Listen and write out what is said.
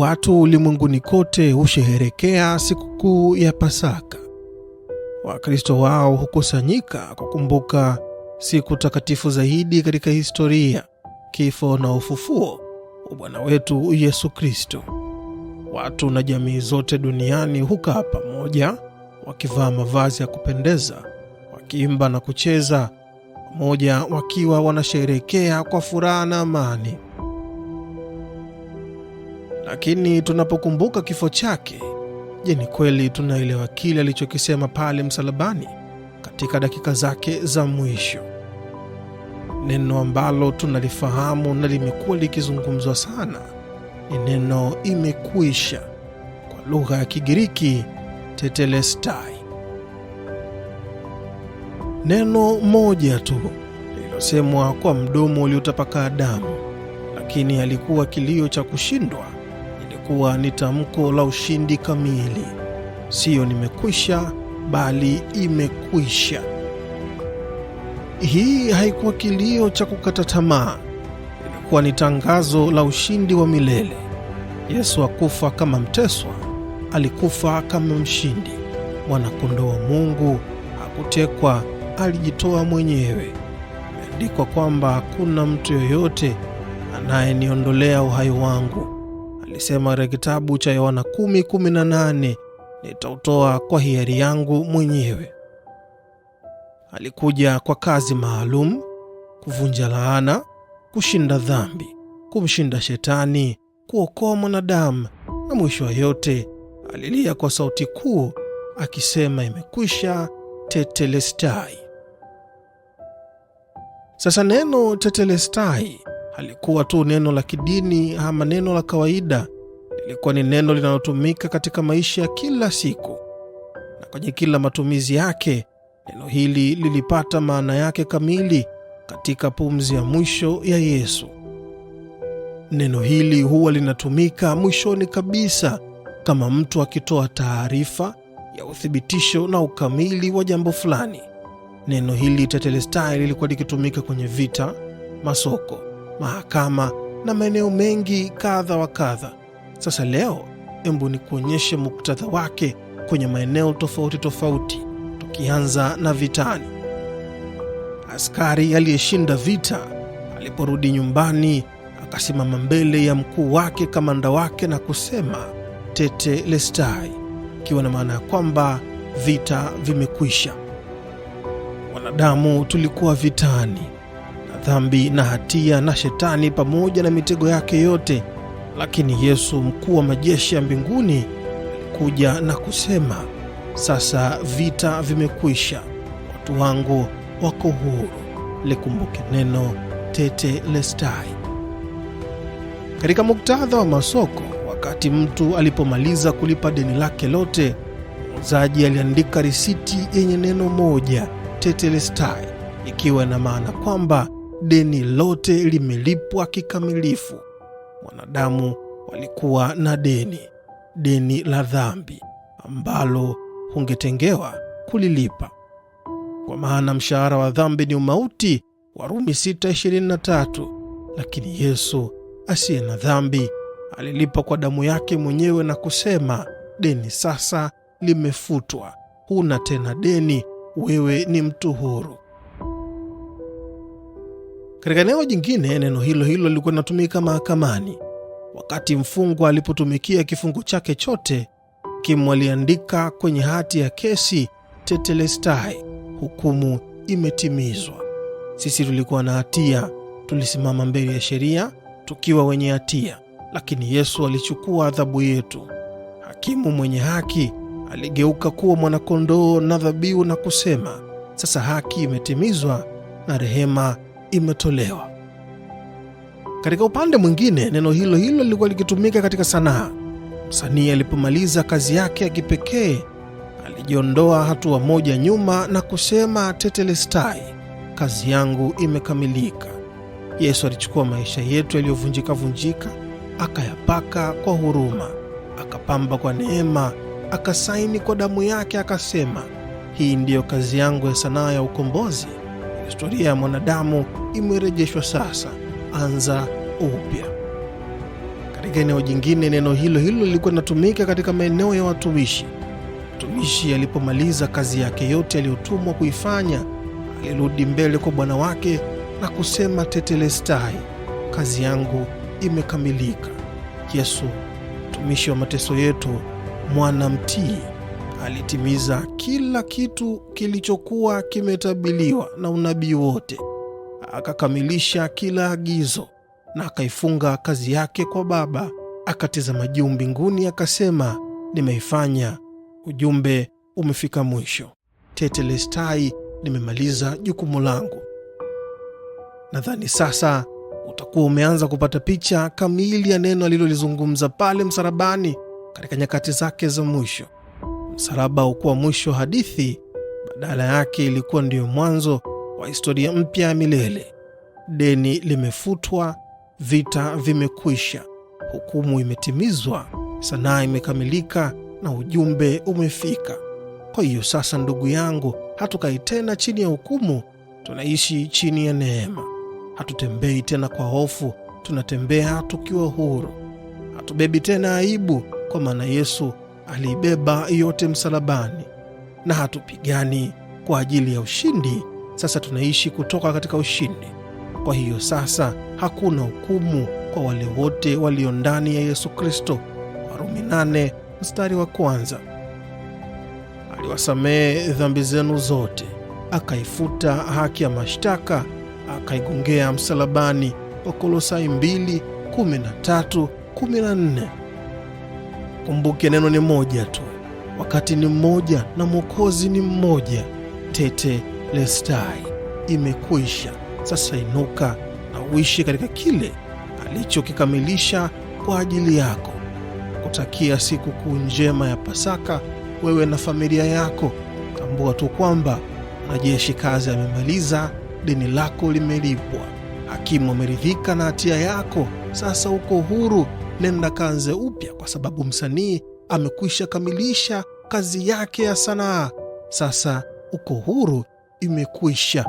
Watu ulimwenguni kote husherehekea sikukuu ya Pasaka. Wakristo wao hukusanyika kukumbuka siku takatifu zaidi katika historia, kifo na ufufuo wa Bwana wetu Yesu Kristo. Watu na jamii zote duniani hukaa pamoja, wakivaa mavazi ya kupendeza, wakiimba na kucheza pamoja, wakiwa wanasherehekea kwa furaha na amani. Lakini tunapokumbuka kifo chake, je, ni kweli tunaelewa kile alichokisema pale msalabani katika dakika zake za mwisho? Neno ambalo tunalifahamu na limekuwa likizungumzwa sana ni neno imekwisha, kwa lugha ya Kigiriki tetelestai. Neno moja tu lililosemwa kwa mdomo uliotapakaa damu, lakini alikuwa kilio cha kushindwa kuwa ni tamko la ushindi kamili, siyo nimekwisha, bali imekwisha. Hii haikuwa kilio cha kukata tamaa, ilikuwa ni tangazo la ushindi wa milele. Yesu hakufa kama mteswa, alikufa kama mshindi. Mwanakondoo wa Mungu hakutekwa, alijitoa mwenyewe. Imeandikwa kwamba hakuna mtu yoyote anayeniondolea uhai wangu alisema katika kitabu cha Yohana 10:18, nitautoa kwa hiari yangu mwenyewe. Alikuja kwa kazi maalum: kuvunja laana, kushinda dhambi, kumshinda Shetani, kuokoa mwanadamu, na mwisho wa yote alilia kwa sauti kuu akisema, imekwisha, tetelestai. Sasa neno tetelestai halikuwa tu neno la kidini ama neno la kawaida, lilikuwa ni neno linalotumika katika maisha ya kila siku, na kwenye kila matumizi yake neno hili lilipata maana yake kamili katika pumzi ya mwisho ya Yesu. Neno hili huwa linatumika mwishoni kabisa kama mtu akitoa taarifa ya uthibitisho na ukamili wa jambo fulani. Neno hili tetelestai lilikuwa likitumika kwenye vita, masoko mahakama na maeneo mengi kadha wa kadha. Sasa leo, embu ni kuonyeshe muktadha wake kwenye maeneo tofauti tofauti, tukianza na vitani. Askari aliyeshinda vita aliporudi nyumbani, akasimama mbele ya mkuu wake, kamanda wake, na kusema tete lestai, ikiwa na maana ya kwamba vita vimekwisha. Wanadamu tulikuwa vitani dhambi na hatia na shetani pamoja na mitego yake yote. Lakini Yesu, mkuu wa majeshi ya mbinguni, alikuja na kusema, sasa vita vimekwisha, watu wangu wako huru. Likumbuke neno tete lestai. Katika muktadha wa masoko, wakati mtu alipomaliza kulipa deni lake lote, muuzaji aliandika risiti yenye neno moja tete lestai ikiwa na maana kwamba deni lote limelipwa kikamilifu. Mwanadamu walikuwa na deni, deni la dhambi ambalo hungetengewa kulilipa, kwa maana mshahara wa dhambi ni umauti, Warumi 6:23. Lakini Yesu asiye na dhambi alilipa kwa damu yake mwenyewe na kusema, deni sasa limefutwa, huna tena deni, wewe ni mtu huru. Katika eneo jingine, neno hilo hilo lilikuwa linatumika mahakamani wakati mfungwa alipotumikia kifungo chake chote. Hakimu aliandika kwenye hati ya kesi tetelestai, hukumu imetimizwa. Sisi tulikuwa na hatia, tulisimama mbele ya sheria tukiwa wenye hatia, lakini Yesu alichukua adhabu yetu. Hakimu mwenye haki aligeuka kuwa mwanakondoo na dhabihu na kusema, sasa haki imetimizwa na rehema imetolewa. Katika upande mwingine, neno hilo hilo lilikuwa likitumika katika sanaa. Msanii alipomaliza kazi yake ya kipekee, alijiondoa hatua moja nyuma na kusema, tetelestai, kazi yangu imekamilika. Yesu alichukua maisha yetu yaliyovunjika-vunjika, akayapaka kwa huruma, akapamba kwa neema, akasaini kwa damu yake, akasema, hii ndiyo kazi yangu ya sanaa ya ukombozi, historia ya mwanadamu imerejeshwa sasa, anza upya. Katika eneo jingine, neno hilo hilo lilikuwa linatumika katika maeneo ya watumishi. Mtumishi alipomaliza kazi yake yote aliyotumwa kuifanya, alirudi mbele kwa bwana wake na kusema, tetelestai, kazi yangu imekamilika. Yesu mtumishi wa mateso yetu, mwana mtii, alitimiza kila kitu kilichokuwa kimetabiliwa na unabii wote akakamilisha kila agizo na akaifunga kazi yake kwa Baba. Akatizama juu mbinguni, akasema, nimeifanya. Ujumbe umefika mwisho. Tetelestai, nimemaliza jukumu langu. Nadhani sasa utakuwa umeanza kupata picha kamili ya neno alilolizungumza pale msalabani katika nyakati zake za mwisho. Msalaba ukuwa mwisho hadithi, badala yake ilikuwa ndiyo mwanzo wa historia mpya ya milele. Deni limefutwa, vita vimekwisha, hukumu imetimizwa, sanaa imekamilika na ujumbe umefika. Kwa hiyo sasa, ndugu yangu, hatukai tena chini ya hukumu, tunaishi chini ya neema. Hatutembei tena kwa hofu, tunatembea tukiwa huru. Hatubebi tena aibu, kwa maana Yesu aliibeba yote msalabani, na hatupigani kwa ajili ya ushindi sasa tunaishi kutoka katika ushindi. Kwa hiyo sasa hakuna hukumu kwa wale wote walio ndani ya Yesu Kristo. Warumi nane mstari wa kwanza. Aliwasamehe dhambi zenu zote, akaifuta haki ya mashtaka, akaigongea msalabani. Wakolosai kolosai 13 14. Kumbuke neno ni moja tu, wakati ni mmoja na Mwokozi ni mmoja. Tete Lestai, imekwisha. Sasa inuka na uishi katika kile alichokikamilisha kwa ajili yako. Kutakia sikukuu njema ya Pasaka wewe na familia yako. Tambua tu kwamba mwanajeshi kazi amemaliza, deni lako limelipwa, hakimu ameridhika na hatia yako. Sasa uko huru, nenda kanze upya, kwa sababu msanii amekwisha kamilisha kazi yake ya sanaa. Sasa uko huru imekwisha.